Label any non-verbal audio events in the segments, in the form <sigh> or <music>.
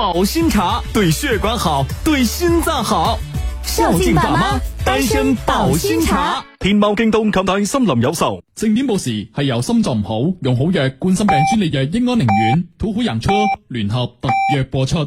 保心茶對血管好，對心臟好。孝敬爸媽，單身保心茶。天貓、京東、淘寶心靈有售。正點報時係由心臟唔好用好藥冠心病專利藥英安寧丸，土虎仁車聯合特約播出。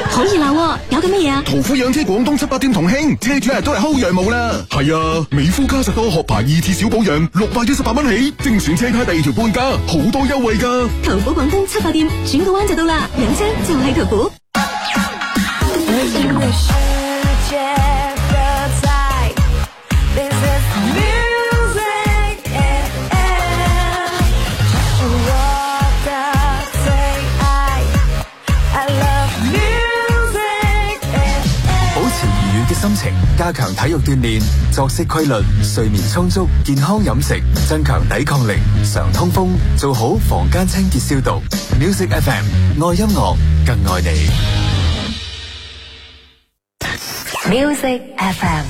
好熱鬧，搞緊咩嘢啊？途虎養車廣東七八店同慶，車主今都係薅羊毛啦！係啊，美孚加實多殼牌二次小保養六百一十八蚊起，精選車胎第二條半價，好多優惠噶！途虎廣東七八店轉個彎就到啦，養車就係途虎。 <noise> <noise> 心情，加強體育鍛煉，作息規律，睡眠充足，健康飲食，增強抵抗力，常通風，做好房間清潔消毒。Music FM，愛音樂，更愛你。Music FM，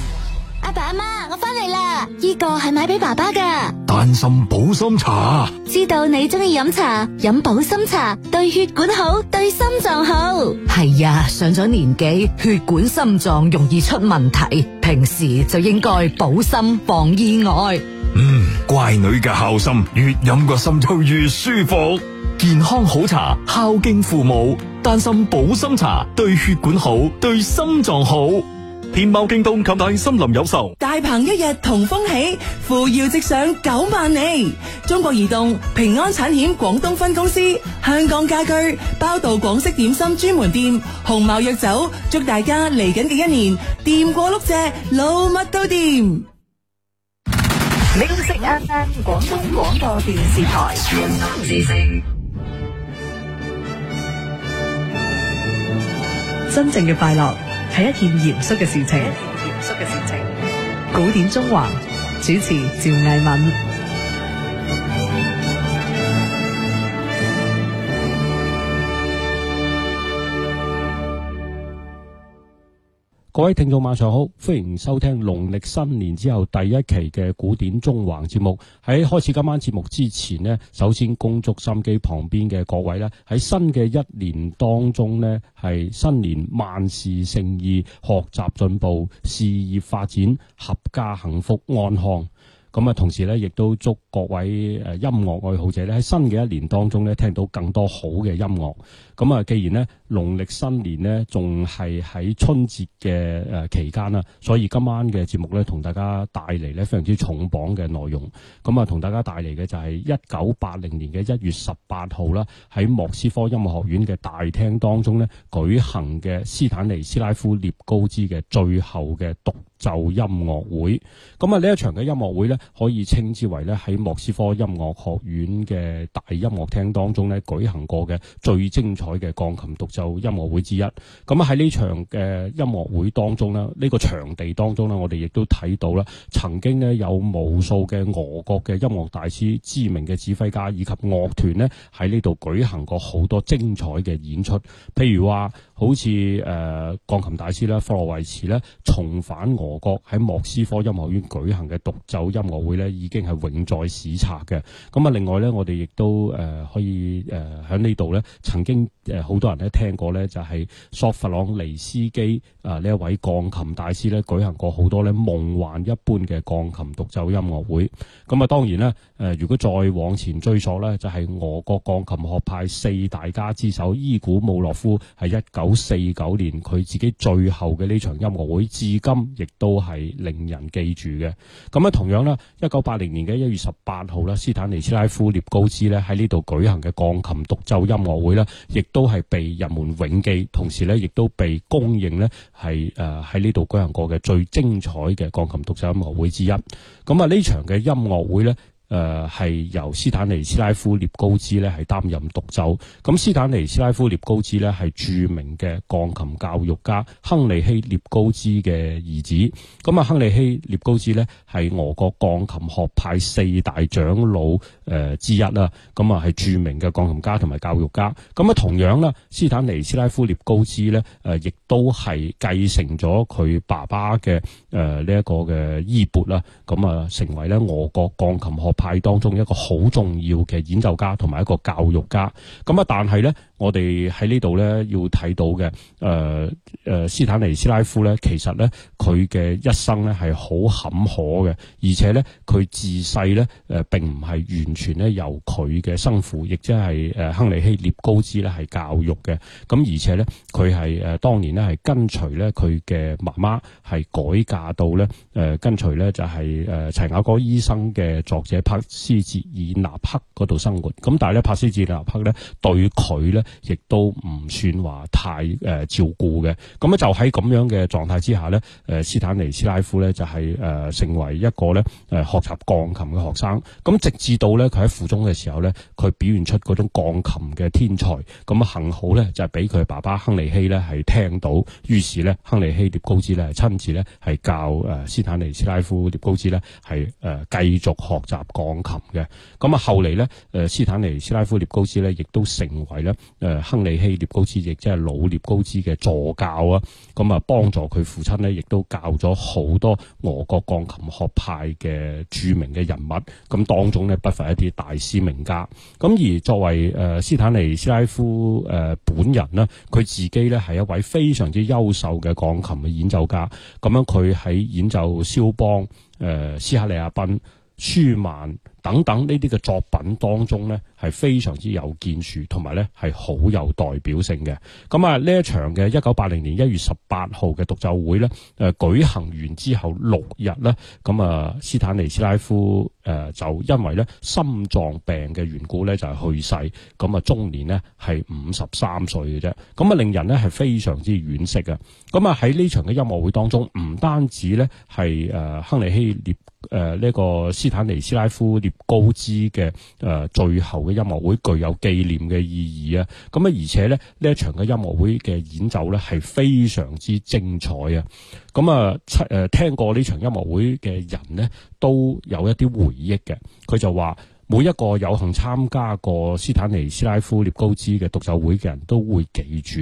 阿爸阿媽。翻嚟啦！依、這個係買俾爸爸嘅丹心保心茶，知道你中意飲茶，飲保心茶對血管好，對心臟好。係啊，上咗年紀，血管心臟容易出問題，平時就應該保心防意外。嗯，乖女嘅孝心，越飲個心就越舒服。健康好茶，孝敬父母，丹心保心茶對血管好，對心臟好。天貓京東、購大森林有售。大鵬一日同風起，扶搖直上九萬里。中國移動、平安產險廣東分公司、香港家居、包道廣式點心專門店、鴻茅藥酒，祝大家嚟緊嘅一年掂過碌蔗，老乜都掂。明色 FM 廣東廣播電視台，全新真正嘅快樂。係一件嚴肅的，的事情。古典縱橫主持趙藝敏。各位聽眾，晚上好，歡迎收聽農曆新年之後第一期嘅古典縱橫節目。喺開始今晚節目之前呢，首先恭祝心機旁邊嘅各位呢喺新嘅一年當中呢係新年萬事勝意，學習進步，事業發展，合家幸福安康。咁啊，同時呢，亦都祝各位誒音樂愛好者呢喺新嘅一年當中呢聽到更多好嘅音樂。咁啊，既然咧，農曆新年咧，仲係喺春節嘅誒期間啦，所以今晚嘅節目咧，同大家帶嚟咧，非常之重磅嘅內容。咁啊，同大家帶嚟嘅就係一九八零年嘅一月十八號啦，喺莫斯科音樂學院嘅大廳當中咧舉行嘅斯坦尼斯拉夫涅高茲嘅最後嘅獨奏音樂會，咁啊，呢一場嘅音樂會咧，可以稱之為咧，喺莫斯科音樂學院嘅大音樂廳當中咧舉行過嘅最精彩。嘅鋼琴獨奏音樂會之一，咁喺呢場嘅、呃、音樂會當中咧，呢、呢個場地當中咧，我哋亦都睇到啦，曾經咧有無數嘅俄國嘅音樂大師、知名嘅指揮家以及樂團咧，喺呢度舉行過好多精彩嘅演出，譬如話好似誒、呃、鋼琴大師咧，霍洛維茨咧，重返俄國喺莫斯科音樂院舉行嘅獨奏音樂會咧，已經係永在史冊嘅。咁啊，另外呢，我哋亦都誒、呃、可以誒喺、呃、呢度咧，曾經。誒好多人咧聽過呢，就係索弗朗尼斯基啊呢一位鋼琴大師咧舉行過好多咧夢幻一般嘅鋼琴獨奏音樂會。咁啊當然啦，誒如果再往前追溯呢，就係俄國鋼琴學派四大家之首伊古姆洛夫係一九四九年佢自己最後嘅呢場音樂會，至今亦都係令人記住嘅。咁啊同樣啦，一九八零年嘅一月十八號呢，斯坦尼斯拉夫聶高茲呢，喺呢度舉行嘅鋼琴獨奏音樂會呢亦。都係被人們永記，同時咧亦都被公認咧係誒喺呢度舉行過嘅最精彩嘅鋼琴獨奏音樂會之一。咁啊，呢場嘅音樂會咧。誒、呃、係由斯坦尼斯拉夫涅高茲呢係擔任獨奏，咁斯坦尼斯拉夫涅高茲呢係著名嘅鋼琴教育家亨利希涅高茲嘅兒子，咁啊亨利希涅高茲呢係俄國鋼琴學派四大長老、呃、之一啦，咁啊係著名嘅鋼琴家同埋教育家，咁啊同樣啦，斯坦尼斯拉夫涅高茲呢、呃、亦都係繼承咗佢爸爸嘅誒呢一個嘅衣缽啦，咁、呃、啊成為咧俄國鋼琴學派當中一個好重要嘅演奏家同埋一個教育家，咁啊，但係咧，我哋喺呢度咧要睇到嘅，誒、呃、誒斯坦尼斯拉夫咧，其實咧佢嘅一生咧係好坎坷嘅，而且咧佢自細咧誒並唔係完全咧由佢嘅生父，亦即係誒亨利希涅高茲咧係教育嘅，咁而且咧佢係誒當年咧係跟隨咧佢嘅媽媽係改嫁到咧誒、呃、跟隨咧就係、是、誒、呃、齊瓦哥醫生嘅作者。帕斯捷爾納克嗰度生活，咁但係咧，帕斯捷爾納克咧對佢咧亦都唔算話太誒照顧嘅，咁就喺咁樣嘅狀態之下咧，誒斯坦尼斯拉夫咧就係誒成為一個咧誒學習鋼琴嘅學生，咁直至到咧佢喺附中嘅時候咧，佢表現出嗰種鋼琴嘅天才，咁幸好咧就係俾佢爸爸亨利希咧係聽到，於是咧亨利希聶高茲咧係親自咧係教誒斯坦尼斯拉夫聶高茲咧係誒繼續學習鋼鋼琴嘅，咁啊後嚟咧，誒斯坦尼斯拉夫涅高斯咧，亦都成為咧，誒亨利希涅高斯，亦即係老涅高斯嘅助教啊，咁啊幫助佢父親咧，亦都教咗好多俄國鋼琴學派嘅著名嘅人物，咁當中咧不乏一啲大師名家。咁而作為誒斯坦尼斯拉夫誒本人呢，佢自己咧係一位非常之優秀嘅鋼琴嘅演奏家，咁樣佢喺演奏肖邦、誒斯克里亞賓。舒曼等等呢啲嘅作品當中呢，係非常之有建樹，同埋呢係好有代表性嘅。咁啊，呢一場嘅一九八零年一月十八號嘅獨奏會呢，誒舉行完之後六日呢，咁啊斯坦尼斯拉夫誒就因為呢心臟病嘅緣故呢，就係去世，咁啊中年呢係五十三歲嘅啫，咁啊令人呢係非常之惋惜嘅。咁啊喺呢場嘅音樂會當中，唔單止呢係亨利希列。誒、呃、呢、這個斯坦尼斯拉夫涅高茲嘅誒最後嘅音樂會具有紀念嘅意義啊！咁啊，而且咧呢，這一場嘅音樂會嘅演奏咧係非常之精彩啊！咁啊，七誒、呃、聽過呢場音樂會嘅人咧都有一啲回憶嘅，佢就話。每一個有幸參加過斯坦尼斯拉夫涅高茲嘅獨奏會嘅人都會記住，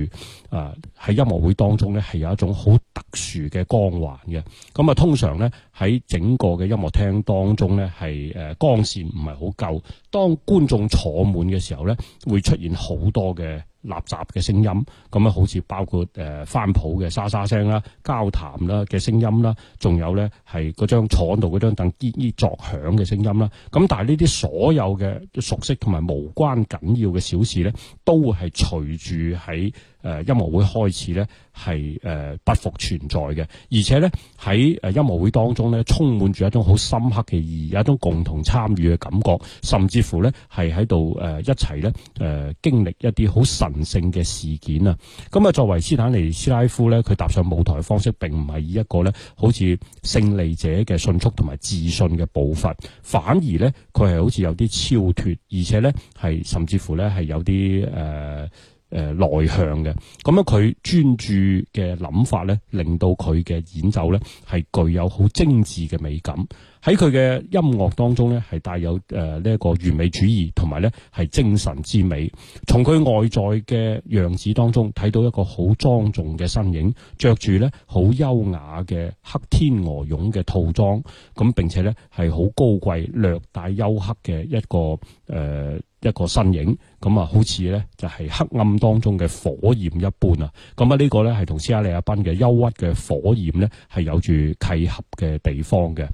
誒喺音樂會當中咧係有一種好特殊嘅光環嘅。咁啊，通常呢，喺整個嘅音樂廳當中咧係誒光線唔係好夠，當觀眾坐滿嘅時候呢，會出現好多嘅垃圾嘅聲音，咁好似包括誒翻譜嘅沙沙聲啦、交談啦嘅聲音啦，仲有咧係嗰張牀度嗰張凳啲衣作響嘅聲音啦。咁但係呢啲所有嘅熟悉同埋無關緊要嘅小事咧，都會係隨住喺。誒音樂會開始咧，係誒不復存在嘅，而且咧喺誒音樂會當中咧，充滿住一種好深刻嘅意義，一種共同參與嘅感覺，甚至乎咧係喺度誒一齊咧誒經歷一啲好神聖嘅事件啊！咁啊，作為斯坦尼斯拉夫咧，佢踏上舞台嘅方式並唔係以一個咧好似勝利者嘅迅速同埋自信嘅步伐，反而咧佢係好似有啲超脫，而且咧係甚至乎咧係有啲誒。呃誒、呃，內向嘅，咁樣，佢專注嘅諗法咧，令到佢嘅演奏咧係具有好精緻嘅美感。喺佢嘅音樂當中咧，係帶有誒呢一個完美主義，同埋咧係精神之美。從佢外在嘅樣子當中睇到一個好莊重嘅身影，着住咧好優雅嘅黑天鵝絨嘅套裝，咁並且咧係好高貴、略帶幽黑嘅一個誒一個身影。咁啊，好似咧就係黑暗當中嘅火焰一般啊！咁啊，呢個咧係同斯克里亞賓嘅憂鬱嘅火焰咧係有住契合嘅地方嘅。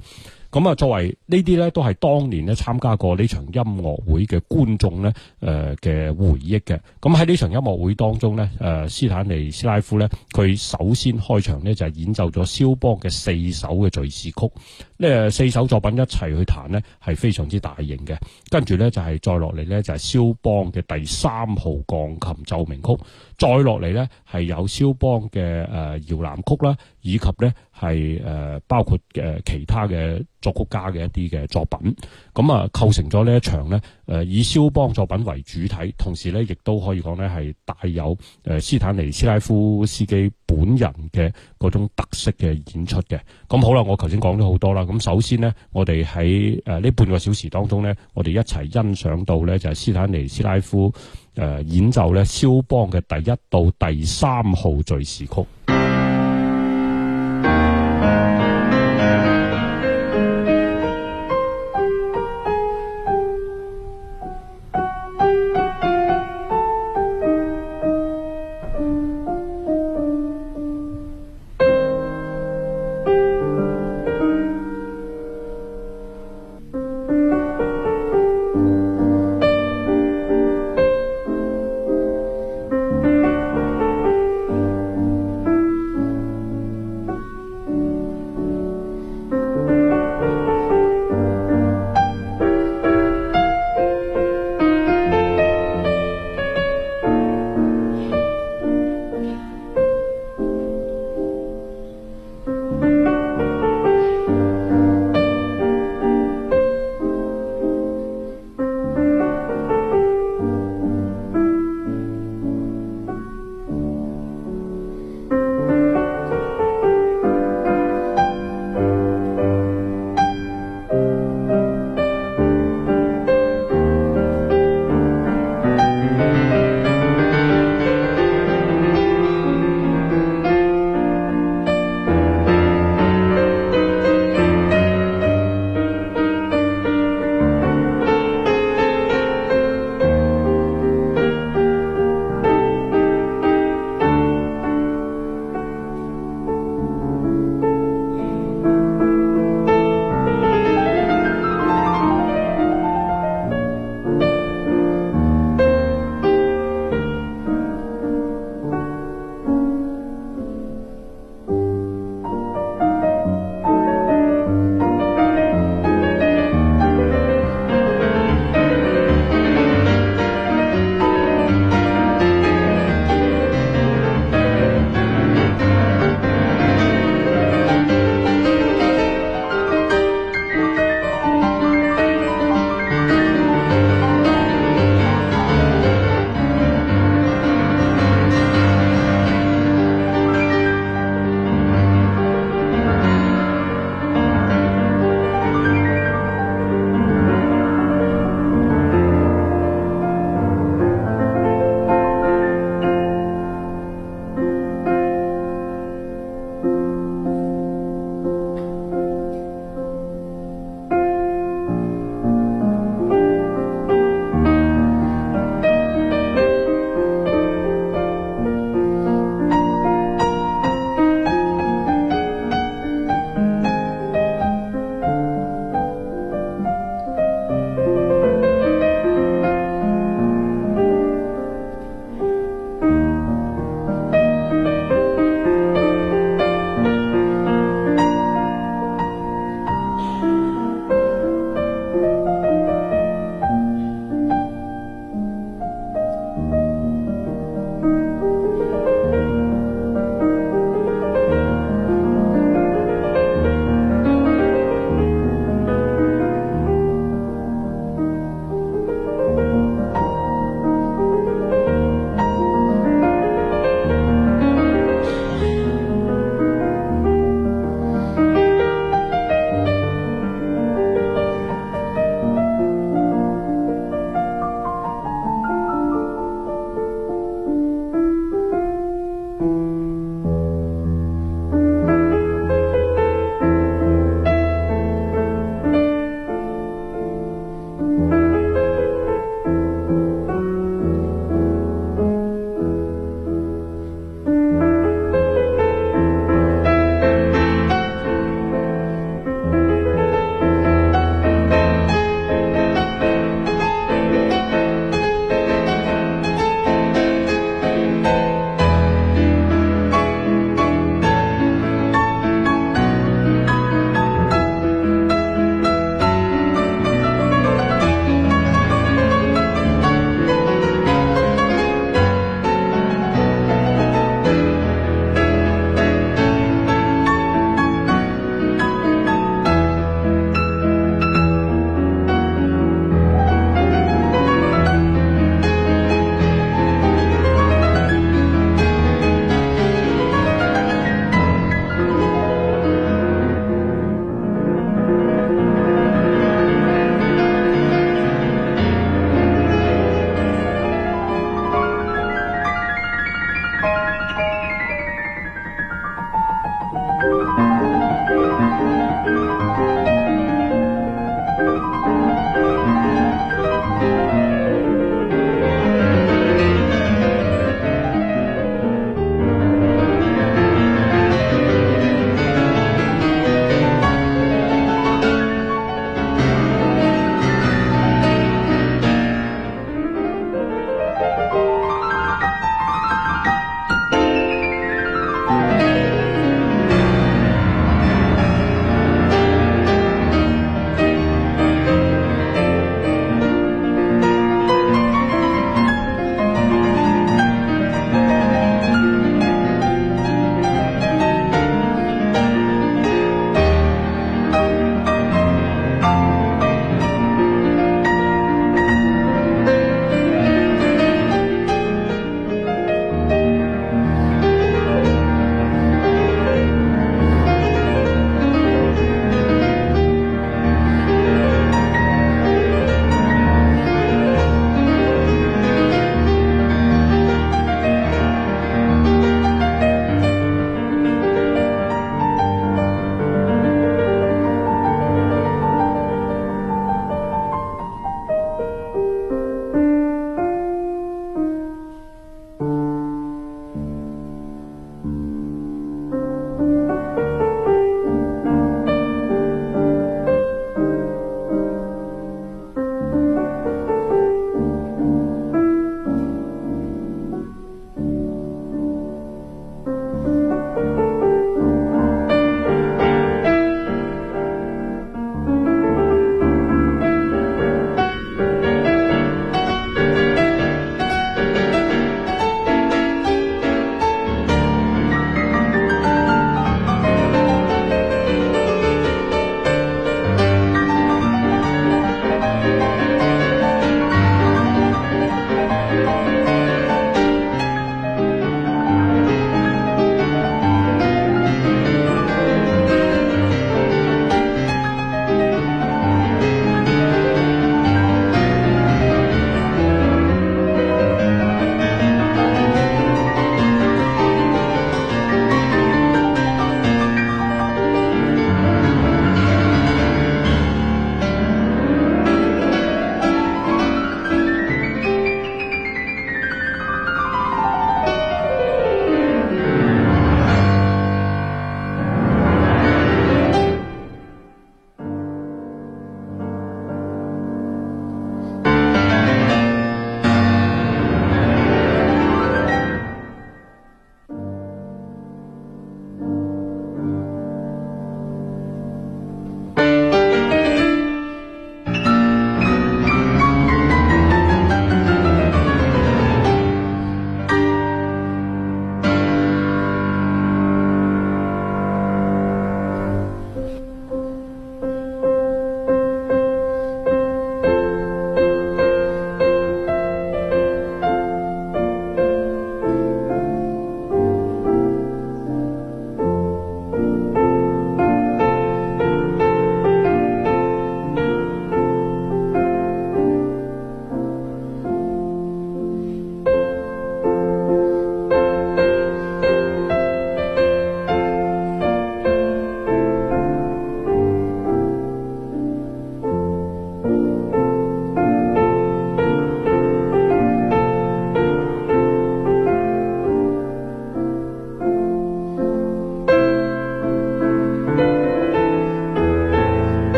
咁啊，作為呢啲咧，都係當年咧參加過呢場音樂會嘅觀眾咧，誒嘅回憶嘅。咁喺呢場音樂會當中咧，誒斯坦尼斯拉夫咧，佢首先開場咧就係演奏咗肖邦嘅四首嘅敘事曲，呢四首作品一齊去彈咧係非常之大型嘅。跟住咧就係再落嚟咧就係肖邦嘅第三號鋼琴奏鳴曲，再落嚟咧係有肖邦嘅誒搖籃曲啦。以及咧係誒包括誒其他嘅作曲家嘅一啲嘅作品，咁啊構成咗呢一場咧誒以肖邦作品為主體，同時咧亦都可以講咧係帶有誒斯坦尼斯拉夫斯基本人嘅嗰種特色嘅演出嘅。咁好啦，我頭先講咗好多啦。咁首先呢，我哋喺誒呢半個小時當中咧，我哋一齊欣賞到咧就係斯坦尼斯拉夫誒演奏咧肖邦嘅第一到第三號敘事曲。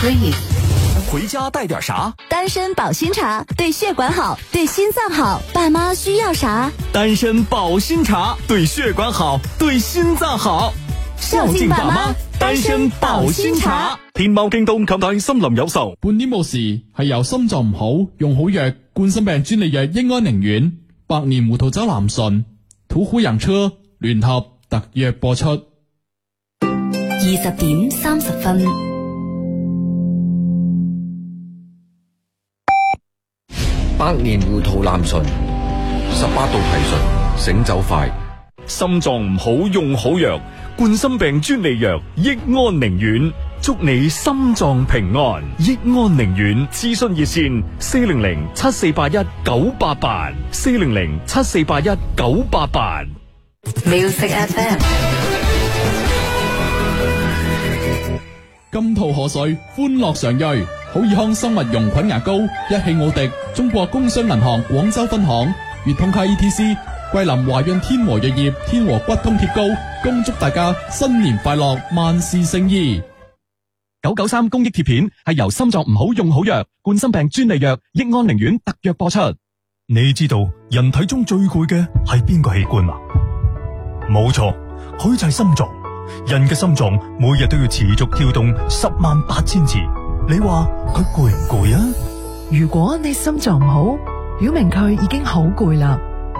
可以回家帶點啥？單身保心茶，對血管好，對心臟好。爸媽需要啥？單身保心茶，對血管好，對心臟好。孝敬爸媽，單身保心茶。天貓、京東、口袋、心林有售。半年冇事，係由心臟唔好用好藥，冠心病專利藥英安寧丸，百年胡桃酒南順，土虎養車聯合特約播出。二十點三十分。百年糊塗南巡，十八度提神醒酒快。心臟唔好用好藥，冠心病專利藥益安寧丸，祝你心臟平安。益安寧丸，諮詢熱線：四零零七四八一九八八，四零零七四八一九八八。Music FM，金兔賀歲歡樂常瑞。好爾康生物溶菌牙膏、一汽奧迪、中國工商銀行廣州分行、粵通卡 ETC、桂林華潤天和藥業、天和骨通貼膏，恭祝大家新年快樂，萬事勝意！九九三公益貼片係由心臟唔好用好藥冠心病專利藥益安寧丸特約播出。你知道人體中最攰嘅係邊個器官嗎？冇錯，佢就係心臟。人嘅心臟每日都要持續跳動十萬八千次。你話佢攰唔攰啊？如果你心臟唔好，表明佢已經好攰啦。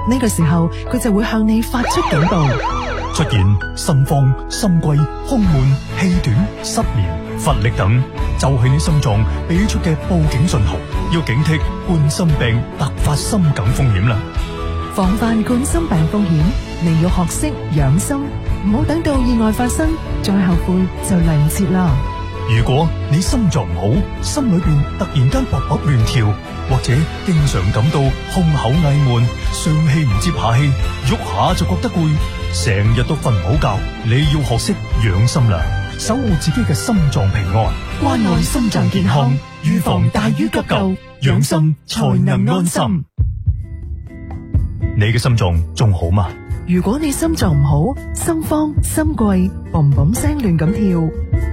呢、這個時候佢就會向你發出警告， <laughs> 出現心慌、心悸、胸悶、氣短、失眠、乏力等，就係、是、你心臟俾出嘅報警信號，要警惕冠心病突發心梗風險啦。防範冠心病風險，你要學識養心，唔好等到意外發生再後悔就嚟唔切啦。如果你心臟唔好，心裏邊突然間噗噗亂跳，或者經常感到胸口翳悶、上氣唔接下氣，喐下就覺得攰，成日都瞓唔好覺，你要學識養心啦，守護自己嘅心臟平安。關愛心臟健康，預防大於急救，養心才能安心。你嘅心臟仲好嗎？如果你心臟唔好，心慌心悸，嘣嘣聲亂咁跳；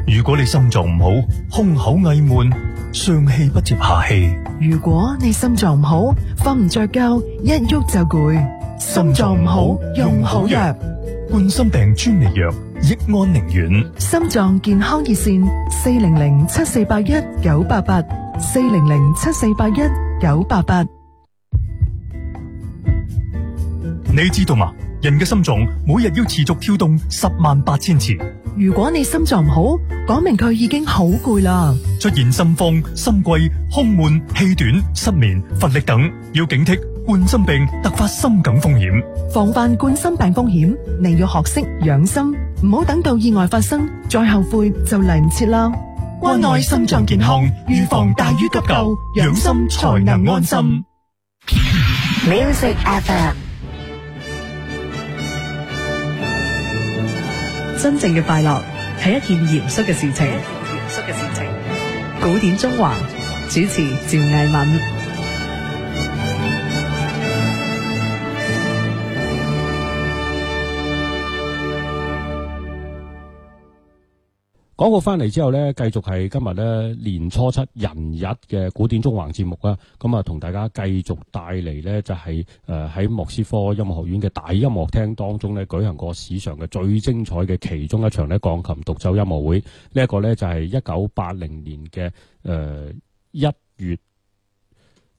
如果你心臟唔好，胸口翳悶，上氣不接下氣；如果你心臟唔好，瞓唔着覺，一喐就攰。心臟唔好用好藥，冠心病專利藥益安寧丸。心臟健康熱線：四零零七四八一九八八，四零零七四八一九八八。你知道嗎？人嘅心臟每日要持續跳動十萬八千次。如果你心臟唔好，講明佢已經好攰啦。出現心慌、心悸、胸悶、氣短、失眠、乏力等，要警惕冠心病突發心梗風險。防範冠心病風險，你要學識養心，唔好等到意外發生再後悔就嚟唔切啦。關愛心臟健康，預防大於急救，養心才能安心。Music FM。真正嘅快樂係一件嚴肅嘅事情，嚴肅嘅事情。古典縱橫主持趙藝敏。講過翻嚟之後呢繼續係今日呢年初七人日嘅古典縱橫節目啦。咁、嗯、啊，同大家繼續帶嚟呢，就係誒喺莫斯科音樂學院嘅大音樂廳當中呢，舉行過史上嘅最精彩嘅其中一場呢，鋼琴獨奏音樂會。呢、這、一個呢就係一九八零年嘅誒一月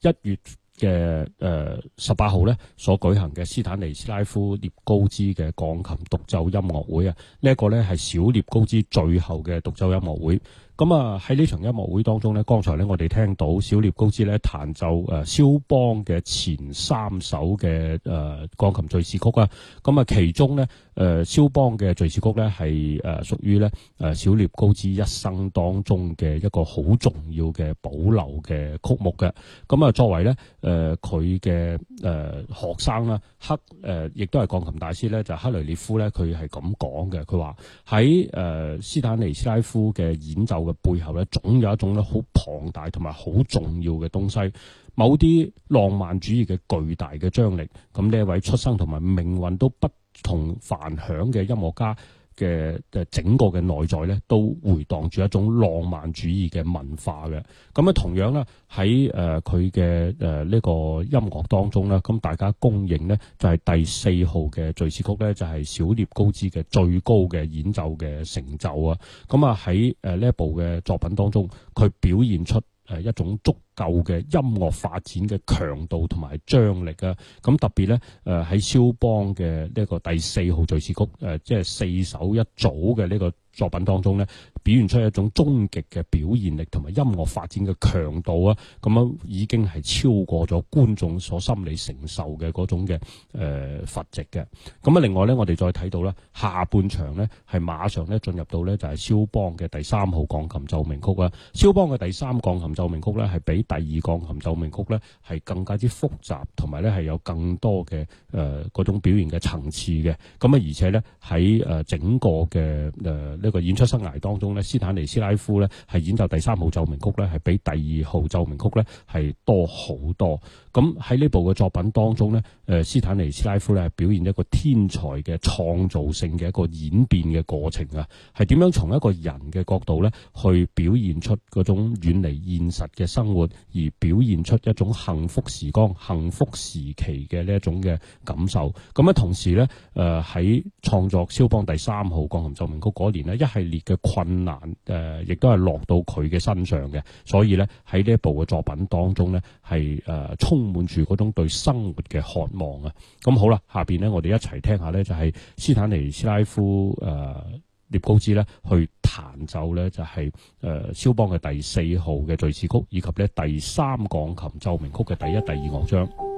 一月。1月嘅誒，十八號咧，所舉行嘅斯坦尼斯拉夫聶高茲嘅鋼琴獨奏音樂會啊，呢一個咧係小聶高茲最後嘅獨奏音樂會。咁啊喺呢場音樂會當中咧，剛才咧我哋聽到小聶高茲咧彈奏誒肖邦嘅前三首嘅誒鋼琴敘事曲啊！咁啊其中咧誒肖邦嘅敘事曲咧係誒屬於咧誒小聶高茲一生當中嘅一個好重要嘅保留嘅曲目嘅。咁、嗯、啊作為咧誒佢嘅誒學生啦，克誒亦都係鋼琴大師咧，就是、克雷列夫咧，佢係咁講嘅。佢話喺誒斯坦尼斯拉夫嘅演奏。背後咧總有一種咧好龐大同埋好重要嘅東西，某啲浪漫主義嘅巨大嘅張力。咁呢一位出生同埋命運都不同凡響嘅音樂家。嘅嘅整個嘅內在咧，都回蕩住一種浪漫主義嘅文化嘅。咁啊，同樣咧喺誒佢嘅誒呢個音樂當中咧，咁大家公認咧就係第四號嘅敘事曲咧，就係小涅高茲嘅最高嘅演奏嘅成就啊。咁啊喺誒呢一部嘅作品當中，佢表現出，誒一種足夠嘅音樂發展嘅強度同埋張力啊！咁特別咧，誒喺肖邦嘅呢個第四號敘事曲，誒即係四首一組嘅呢個作品當中咧。表現出一種終極嘅表現力同埋音樂發展嘅強度啊！咁樣已經係超過咗觀眾所心理承受嘅嗰種嘅誒乏值嘅。咁、呃、啊，另外咧，我哋再睇到咧，下半場咧係馬上咧進入到咧就係、是、肖邦嘅第三號鋼琴奏鳴曲啦。肖邦嘅第三鋼琴奏鳴曲咧係比第二鋼琴奏鳴曲咧係更加之複雜同埋咧係有更多嘅誒、呃、種表現嘅層次嘅。咁啊，而且咧喺誒整個嘅誒呢個演出生涯當中。斯坦尼斯拉夫咧係演奏第三號奏鳴曲咧，係比第二號奏鳴曲咧係多好多。咁喺呢部嘅作品當中咧，誒斯坦尼斯拉夫咧係表現一個天才嘅創造性嘅一個演變嘅過程啊，係點樣從一個人嘅角度咧去表現出嗰種遠離現實嘅生活，而表現出一種幸福時光、幸福時期嘅呢一種嘅感受。咁啊，同時咧，誒喺創作肖邦第三號鋼琴奏鳴曲嗰年呢，一系列嘅困難難誒、呃，亦都係落到佢嘅身上嘅，所以咧喺呢，在這一部嘅作品當中咧，係誒、呃、充滿住嗰種對生活嘅渴望啊！咁、嗯、好啦，下邊咧我哋一齊聽下咧，就係、是、斯坦尼斯拉夫誒涅、呃、高茲咧去彈奏咧，就係誒肖邦嘅第四號嘅敘事曲，以及咧第三鋼琴奏鳴曲嘅第一、第二樂章。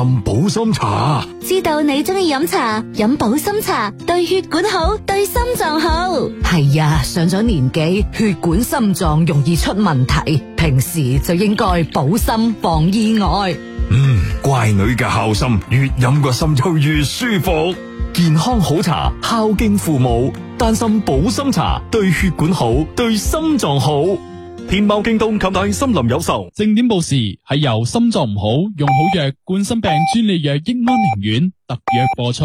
心保心茶，知道你中意飲茶，飲保心茶對血管好，對心臟好。係呀，上咗年紀，血管心臟容易出問題，平時就應該保心防意外。嗯，乖女嘅孝心，越飲個心就越舒服。健康好茶，孝敬父母，擔心保心茶對血管好，對心臟好。天貓、京東、及大森林有售。正點報時係由心臟唔好用好藥，冠心病專利藥益安寧丸特約播出。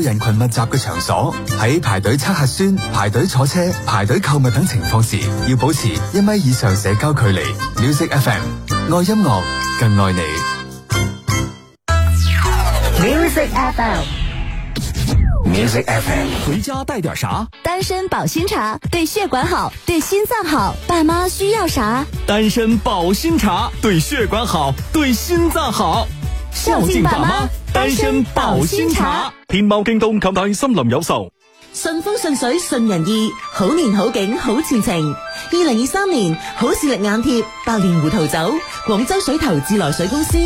人群密集嘅場所，喺排隊測核酸、排隊坐車、排隊購物等情況時，要保持一米以上社交距離。Music FM，愛音樂，更愛你。Music FM，Music FM，Music FM 回家帶點啥？單身保心茶，對血管好，對心臟好。爸媽需要啥？單身保心茶，對血管好，對心臟好。壽仙爸媽，帶進爆仙茶。天貓、京東、購大心林有售。順風順水順人意，好年好景好前程。二零二三年，好視力眼貼，百年胡桃酒，廣州水投自來水公司，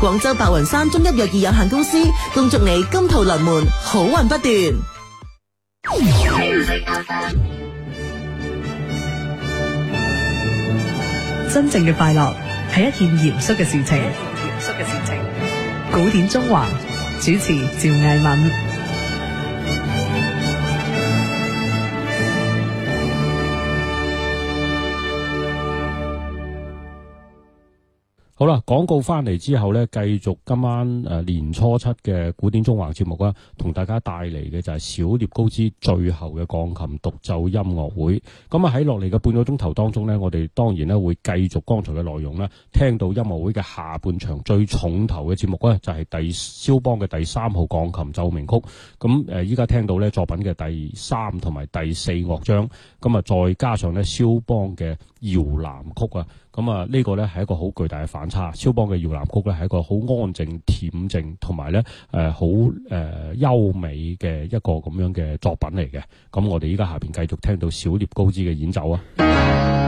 廣州白雲山中一藥業有限公司恭祝你金兔臨門，好運不斷。真正嘅快樂係一件嚴肅嘅事情。古典縱橫主持趙藝敏。好啦，廣告翻嚟之後呢，繼續今晚誒、呃、年初七嘅古典縱橫節目啦，同大家帶嚟嘅就係小聶高茲最後嘅鋼琴獨奏音樂會。咁啊喺落嚟嘅半個鐘頭當中呢，我哋當然呢會繼續剛才嘅內容啦。聽到音樂會嘅下半場最重頭嘅節目呢就係、是、第肖邦嘅第三號鋼琴奏鳴曲。咁誒，依家聽到呢作品嘅第三同埋第四樂章。咁啊，再加上呢肖邦嘅搖籃曲啊。咁啊，呢、這個呢係一個好巨大嘅反差。肖邦嘅《搖籃曲》呢呢係一個好安靜恬靜，同埋呢誒好誒優美嘅一個咁樣嘅作品嚟嘅。咁我哋依家下面繼續聽到小涅高茲嘅演奏啊！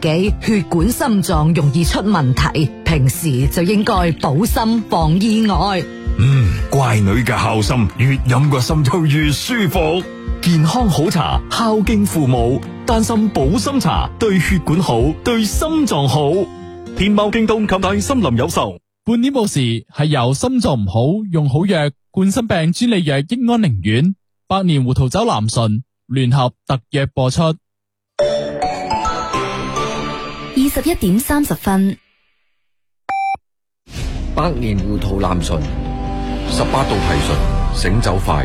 自己血管心臟容易出問題，平時就應該保心防意外。嗯，乖女嘅孝心，越飲個心臟就越舒服。健康好茶孝敬父母，丹心保心茶對血管好，對心臟好。天貓、京東、購大森林有售。半年報時係由心臟唔好用好藥，冠心病專利藥益安寧丸，百年胡桃酒南順聯合特約播出。二十一點三十分，百年糊塗南巡，十八度提純醒酒快。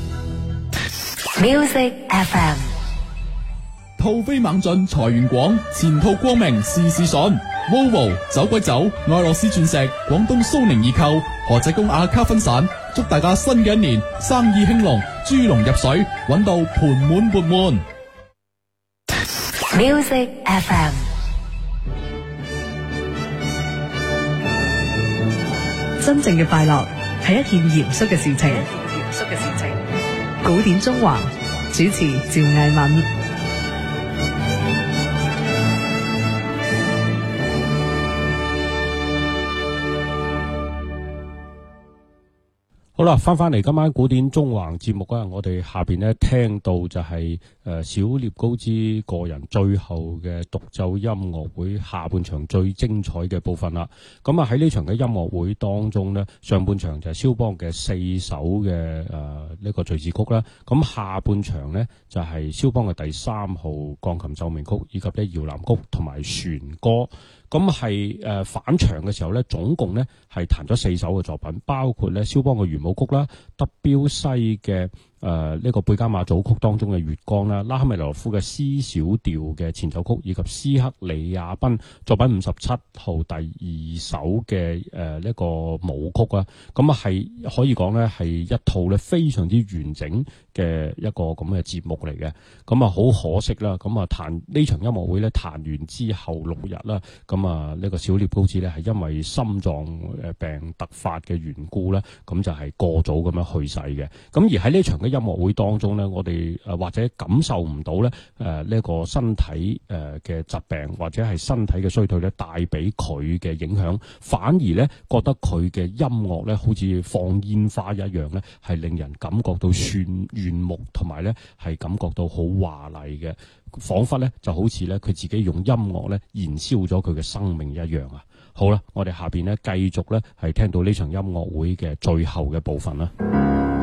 Music FM，兔飛猛進，財源廣，前途光明，事事順。Mobile 走鬼走，愛洛斯鑽石，廣東蘇寧易購，何仔公阿卡分散。祝大家新嘅一年生意興隆，豬籠入水，搵到盆滿鉢滿。Music FM，真正嘅快樂係一件嚴肅嘅事情。一件嚴肅嘅事情。古典縱橫主持趙藝敏。好啦，翻翻嚟今晚古典縱橫節目啊！我哋下邊呢聽到就係誒小聶高茲個人最後嘅獨奏音樂會下半場最精彩嘅部分啦。咁啊喺呢場嘅音樂會當中呢，上半場就係肖邦嘅四首嘅誒呢個敘事曲啦。咁下半場呢，就係肖邦嘅第三號鋼琴奏鳴曲，以及呢搖籃曲同埋船歌。咁係誒返場嘅時候咧，總共咧係彈咗四首嘅作品，包括咧肖邦嘅圓舞曲啦、德彪西嘅。誒、呃、呢、這個貝加瑪祖曲當中嘅月光啦，拉赫米羅，羅夫嘅 C 小調嘅前奏曲，以及斯克里亞賓作品五十七號第二首嘅誒呢個舞曲啊，咁啊係可以講咧係一套咧非常之完整嘅一個咁嘅節目嚟嘅。咁啊好可惜啦，咁啊彈呢場音樂會咧彈完之後六日啦，咁啊呢、這個小涅高斯咧係因為心臟誒病突發嘅緣故咧，咁、啊、就係、是、過早咁樣去世嘅。咁、啊、而喺呢場嘅音樂會當中呢，我哋或者感受唔到誒呢個身體誒嘅疾病或者係身體嘅衰退呢帶俾佢嘅影響，反而呢覺得佢嘅音樂呢好似放煙花一樣呢係令人感覺到炫炫目，同埋呢係感覺到好華麗嘅，仿佛呢就好似呢，佢自己用音樂呢燃燒咗佢嘅生命一樣啊！好啦，我哋下邊呢繼續呢，係聽到呢場音樂會嘅最後嘅部分啦。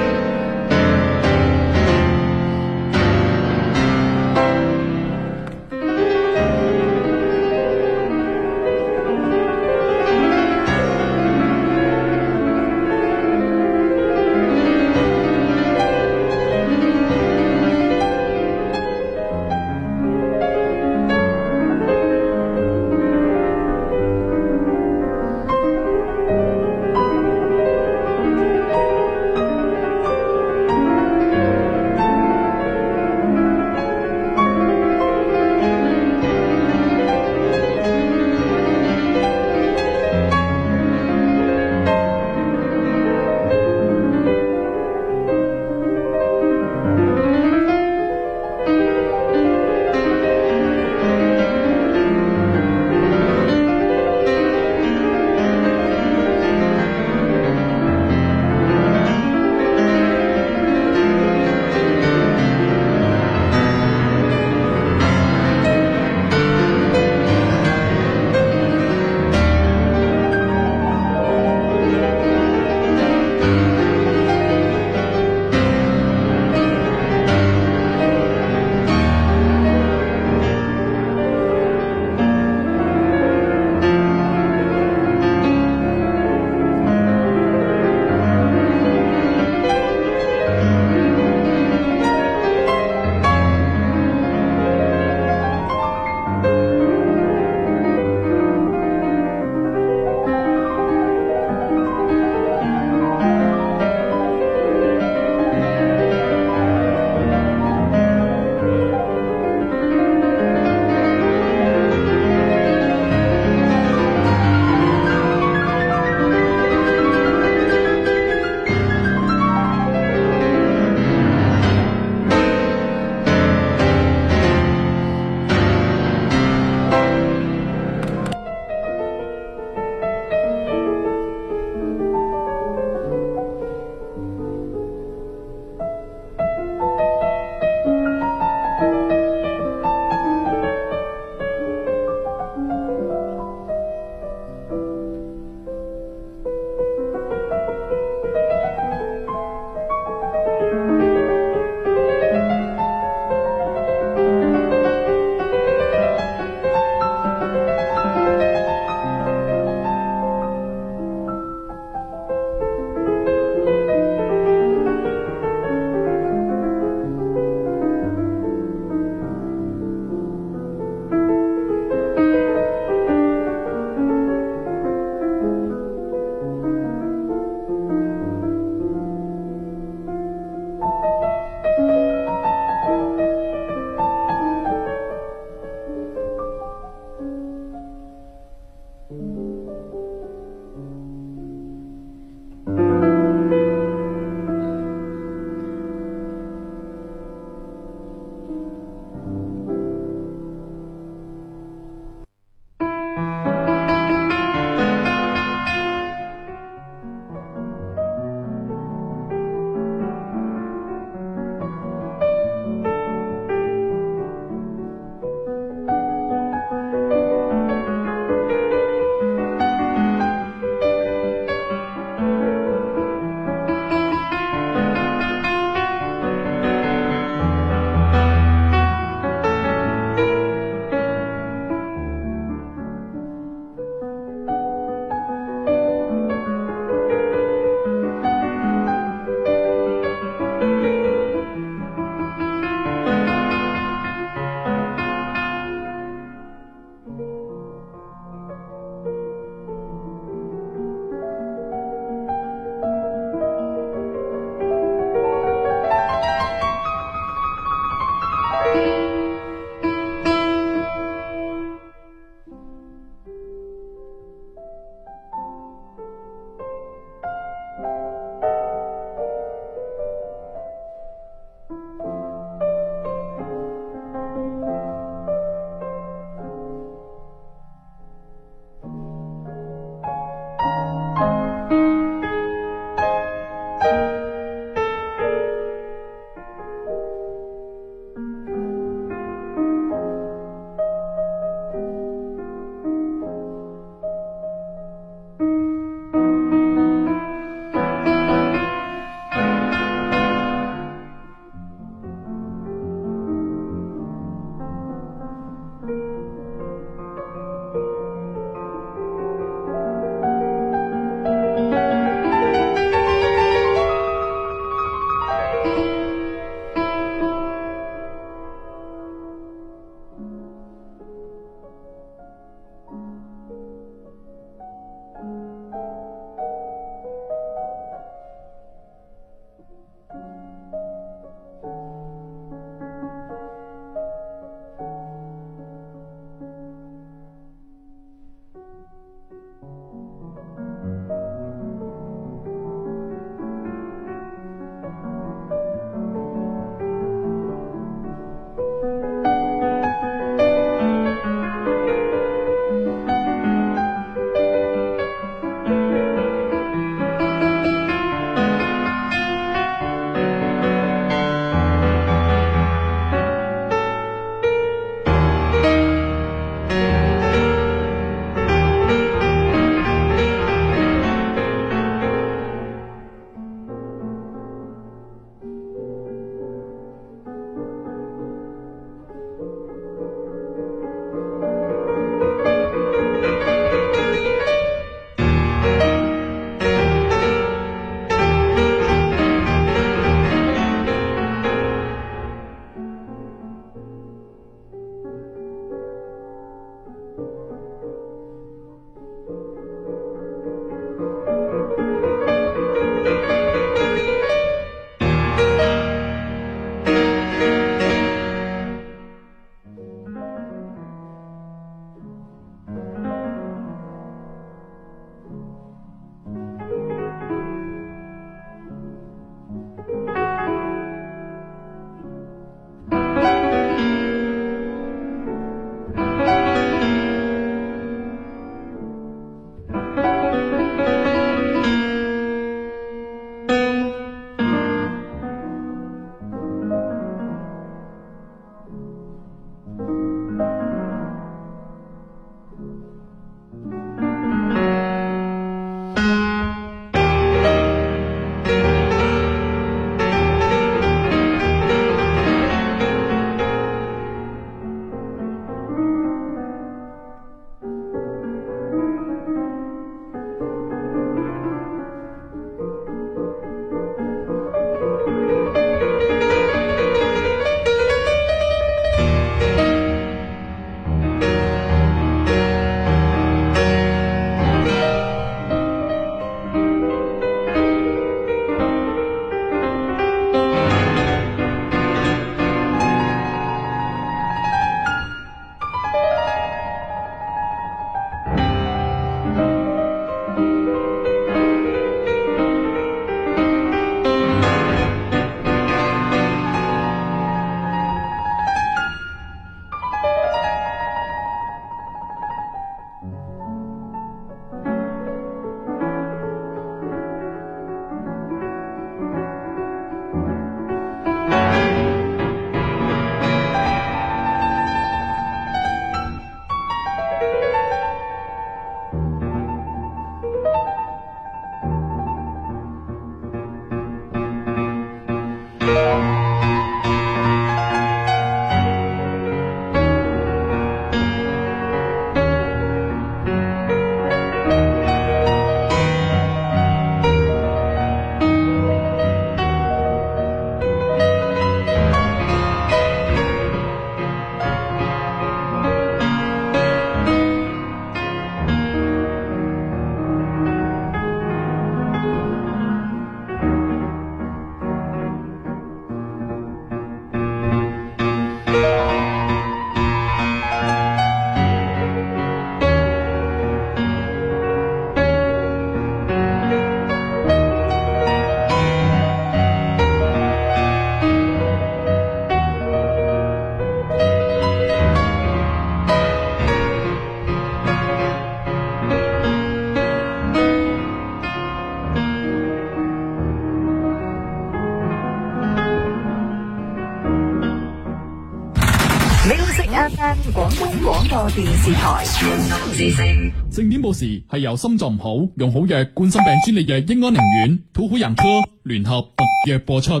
正點報時係由心臟唔好用好藥冠心病專利藥英安寧丸，土虎人科聯合特約播出。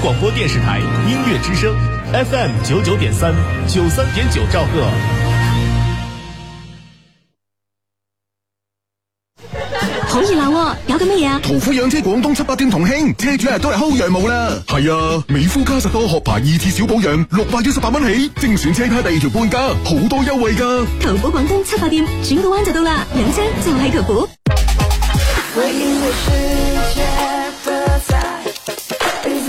廣播電視台音樂之聲，FM 九九點三，九三點九兆赫。好熱鬧哦！搞緊乜嘢啊？途虎養車廣東七八店同慶，車主啊都係薅羊毛啦！係啊，美孚嘉實多殼牌二次小保養，六百一十八蚊起，精選車胎第二條半價，好多優惠噶、啊！途虎廣東七八店轉個彎就到啦，養車就係途虎。啊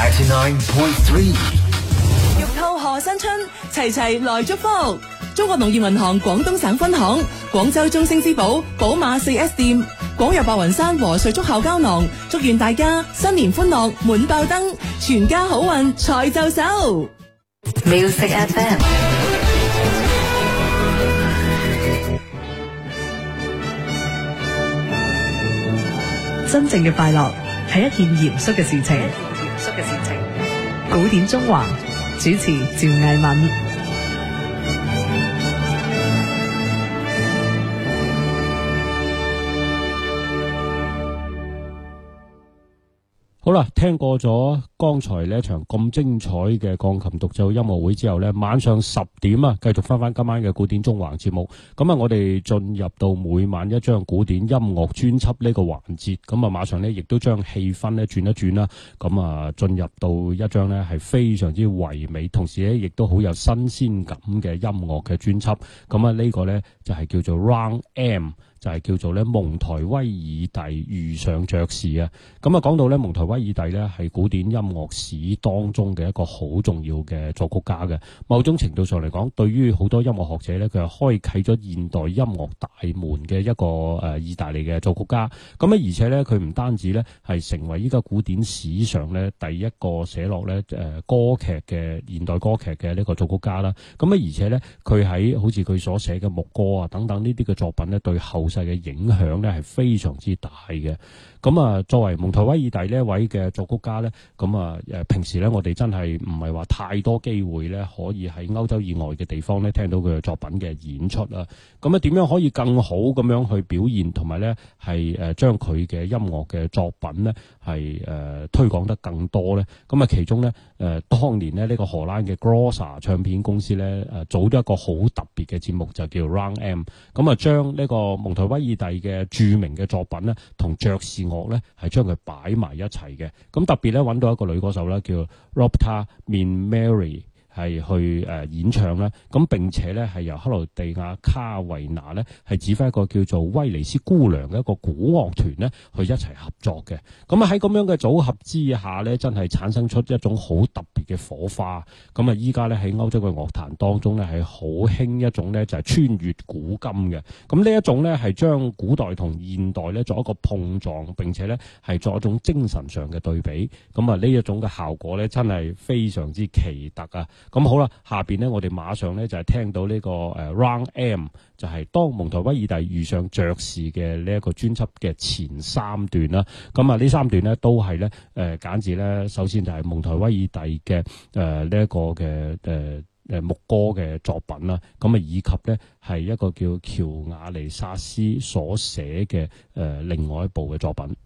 九十九點三。玉兔賀新春，齊齊來祝福。中國農業銀行廣東省分行，廣州中星之寶寶馬四 S 店，廣藥白雲山和瑞足效膠囊，祝願大家新年歡樂滿爆燈，全家好運財就手。Music FM <laughs> 。真正嘅快樂，係一件嚴肅嘅事情。古典縱橫，主持趙藝文好啦，聽過咗剛才呢一場咁精彩嘅鋼琴獨奏音樂會之後呢，晚上十點啊，繼續翻翻今晚嘅古典縱橫節目。咁啊，我哋進入到每晚一張古典音樂專輯呢個環節。咁啊，馬上呢亦都將氣氛呢轉一轉啦。咁啊，進入到一張呢係非常之唯美，同時呢亦都好有新鮮感嘅音樂嘅專輯。咁啊，呢個呢就係叫做 Run M。就係，是，叫做咧蒙台威爾第遇上爵士啊。咁啊，講到咧蒙台威爾第咧，係古典音樂史當中嘅一個好重要嘅作曲家嘅，某種程度上嚟講，對於好多音樂學者咧，佢係開啟咗現代音樂大門嘅一個誒、呃、意大利嘅作曲家。咁啊，而且咧佢唔單止咧係成為依家古典史上咧第一個寫落咧誒、呃、歌劇嘅現代歌劇嘅呢個作曲家啦。咁啊，而且咧佢喺好似佢所寫嘅牧歌啊等等呢啲嘅作品咧，對後世嘅影響咧，係非常之大嘅。咁啊，作為蒙台威爾第呢一位嘅作曲家咧，咁啊誒平時咧，我哋真係唔係話太多機會咧，可以喺歐洲以外嘅地方咧聽到佢嘅作品嘅演出啊。咁啊，點樣可以更好咁樣去表現，同埋咧係誒將佢嘅音樂嘅作品咧係誒推廣得更多咧？咁啊，其中咧誒、呃、當年咧呢、這個荷蘭嘅 Grosser 唱片公司咧誒做咗一個好特別嘅節目，就叫 Round M。咁啊，將呢個蒙台威爾第嘅著名嘅作品咧同爵士學咧，係將佢擺埋一齊嘅，咁特別咧揾到一個女歌手咧，叫 Roberta Minnery。係去誒演唱啦，咁並且呢，係由克羅地亞卡維娜呢，係指揮一個叫做威尼斯姑娘嘅一個古樂團呢，去一齊合作嘅。咁啊喺咁樣嘅組合之下呢，真係產生出一種好特別嘅火花。咁啊依家呢，喺歐洲嘅樂壇當中呢，係好興一種呢，就係穿越古今嘅。咁呢一種呢，係將古代同現代呢，作一個碰撞，並且呢，係作一種精神上嘅對比。咁啊呢一種嘅效果呢，真係非常之奇特啊！咁好啦，下邊呢，我哋馬上呢就係、是、聽到呢個誒《Round M》，就係當蒙台威爾第遇上爵士嘅呢一個專輯嘅前三段啦。咁啊，呢三段呢都係呢，誒、呃、簡直呢，首先就係蒙台威爾第嘅誒呢一個嘅誒誒牧歌嘅作品啦。咁、呃、啊，以及呢，係一個叫喬瓦尼薩斯所寫嘅誒、呃、另外一部嘅作品。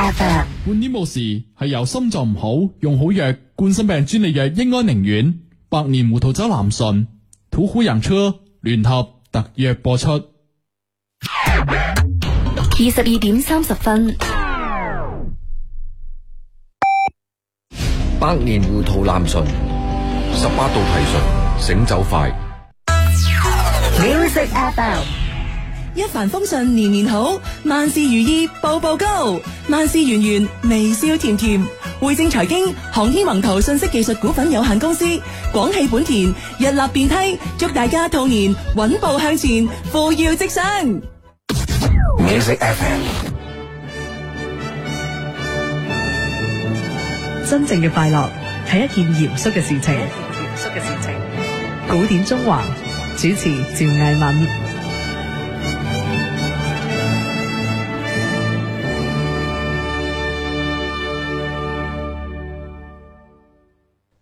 Ever. 半年無事，係由心臟唔好用好藥，冠心病專利藥益安寧丸，百年胡桃酒南順土虎人車聯合特約播出。二十二點三十分，百年胡桃南順十八度提醇，醒酒快。music FM。一帆風順，年年好；萬事如意，步步高；萬事圓圓，微笑甜甜。匯正財經、航天宏圖信息技術股份有限公司、廣汽本田、日立電梯，祝大家兔年穩步向前，扶搖直上。Music FM。真正嘅快樂係一件嚴肅嘅事情。嚴肅嘅事情。古典縱橫主持趙藝敏。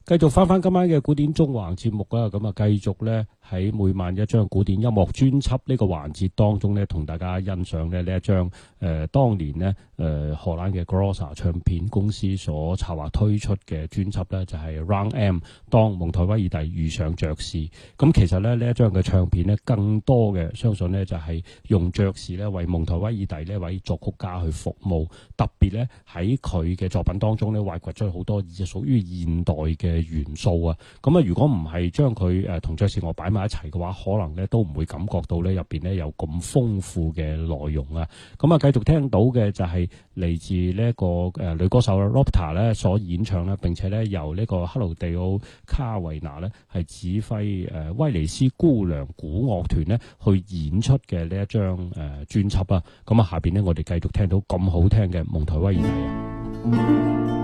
繼續翻翻今晚嘅古典縱橫節目啦，咁啊繼續咧。喺每晚一張古典音樂專輯呢個環節當中咧，同大家欣賞咧呢一張誒、呃、當年咧誒、呃、荷蘭嘅 Groser 唱片公司所策劃推出嘅專輯咧，就係、是、Round M 當蒙台威爾第遇上爵士》嗯。咁其實咧呢一張嘅唱片咧，更多嘅相信咧就係、是、用爵士咧為蒙台威爾第呢一位作曲家去服務，特別咧喺佢嘅作品當中咧挖掘出好多以屬於現代嘅元素啊！咁、嗯、啊，如果唔係將佢誒同爵士樂擺埋。一齊嘅話，可能咧都唔會感覺到咧入邊咧有咁豐富嘅內容啊！咁啊，繼續聽到嘅就係嚟自呢一個誒女歌手 Roberta 咧所演唱咧，並且咧由呢個克勞迪奧卡維納咧係指揮誒威尼斯姑娘古樂團咧去演出嘅呢一張誒專輯啊！咁啊，下邊咧我哋繼續聽到咁好聽嘅蒙台威爾第啊！